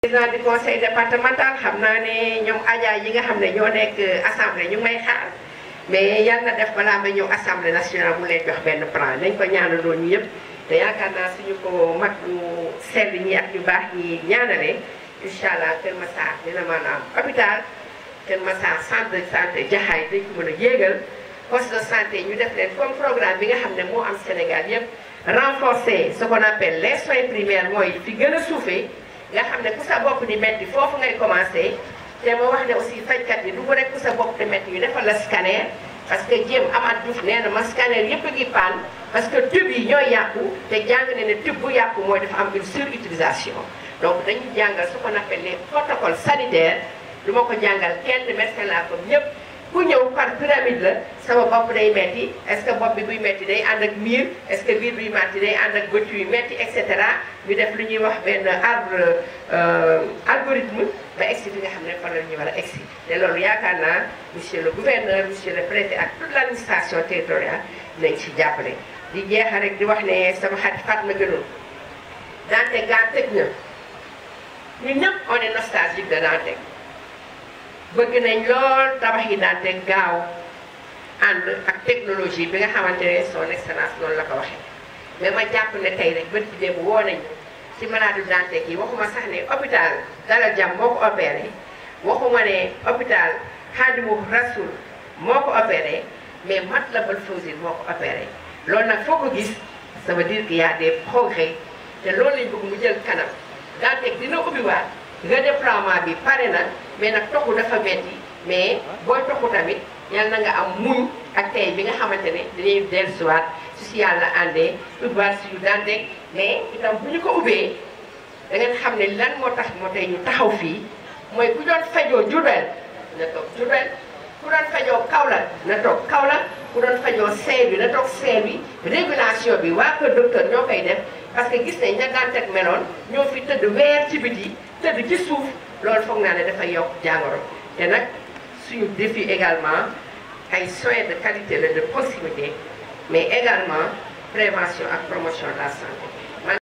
président du conseil départemental xam naa ne ñoom aja yi nga xam ne ñoo nekk assemblée ñu may xaar mais yal na def balaa may ñëw assemblée nationale mu leen jox benn plan dañ ko ñaanaloo ñu yëpp te yaakaar naa suñu ko mag ñu sell ñi ak ñu baax ñi ñaanalee incha allah Kër Massar dina maanaam hôpital Kër Massar centre de santé jaxaay ñu ko mën a yéegal poste de santé ñu def leen comme programme bi nga xam ne moo am Sénégal yëpp renforcer ce qu'on les soins mooy fi gën a suufee nga xam ne ku sa bopp di metti foofu ngay commencé te moo wax ne aussi fajkat yi du rek ku sa bopp di metti yu defal la scanner parce que jéem Amath Diouf nee na ma scanner yëpp a ngi panne parce que tube yi ñooy yàqu te jàng ne ne tube bu yàqu mooy dafa am une surutilisation donc dañu jàngal su ko appelle les protocoles sanitaires lu ma ko jàngal kenn médecin laa ko ñëpp ku ñëw par pyramide la sama bopp day metti est-ce que bopp bi buy metti day ànd ak miir est-ce que miir buy metti day ànd ak bëcc yu metti et cetera ñu def lu ñuy wax benn arbre euh, algorithme ba egsi bi nga xam ne fa la ñu war a egsi loolu yaakaar naa monsieur le gouverneur monsieur le préfet ak toute l'administration territoriale nañ ci jàppale di jeexal rek di wax ne sama xarit Fatma Gueye Dantec gaa tëj na ñun ñëpp on est nostalgique de bëgg nañ lool tabax yi daal te gaaw ànd ak technologie bi nga xamante ne son excellence loolu la ko waxee mais ma jàpp ne tey rek bët bi dem woo nañu ci malade Dantec yi waxuma sax ne hôpital Dalal Jàmm moo ko opéré waxuma ne hôpital Xaadimu Rasul moo ko opéré mais Matlaboul Fawzeyni moo ko opéré loolu nag foo ko gis ça veut dire qu'il y a des progrès te loolu lañ bëgg mu jël kanam Dantec dina ubbiwaat. redéploiement bi pare na mais nag toxu dafa metti mais booy toxu tamit yal na nga am muñ ak tey bi nga xamante ne dañuy dellusiwaat su si yàlla àndee ubbaat si yu daan rek mais itam bu ñu ko ubbee da xam ne lan moo tax moo tey ñu taxaw fii mooy ku doon fajoo Diourbel na toog Diourbel ku doon fajoo Kaolack na toog Kaolack ku doon fajoo seer bi na toog seer bi régulation bi waa kër docteur ñoo koy def parce que gis ne ña daan teg meloon ñoo fi tëdd weer ci biti tëdd ci suuf loolu foog naa ne dafa yokk jàngoro a nag suñu défi également ay soins de qualité de proximité mais également prévention et promotion de la santé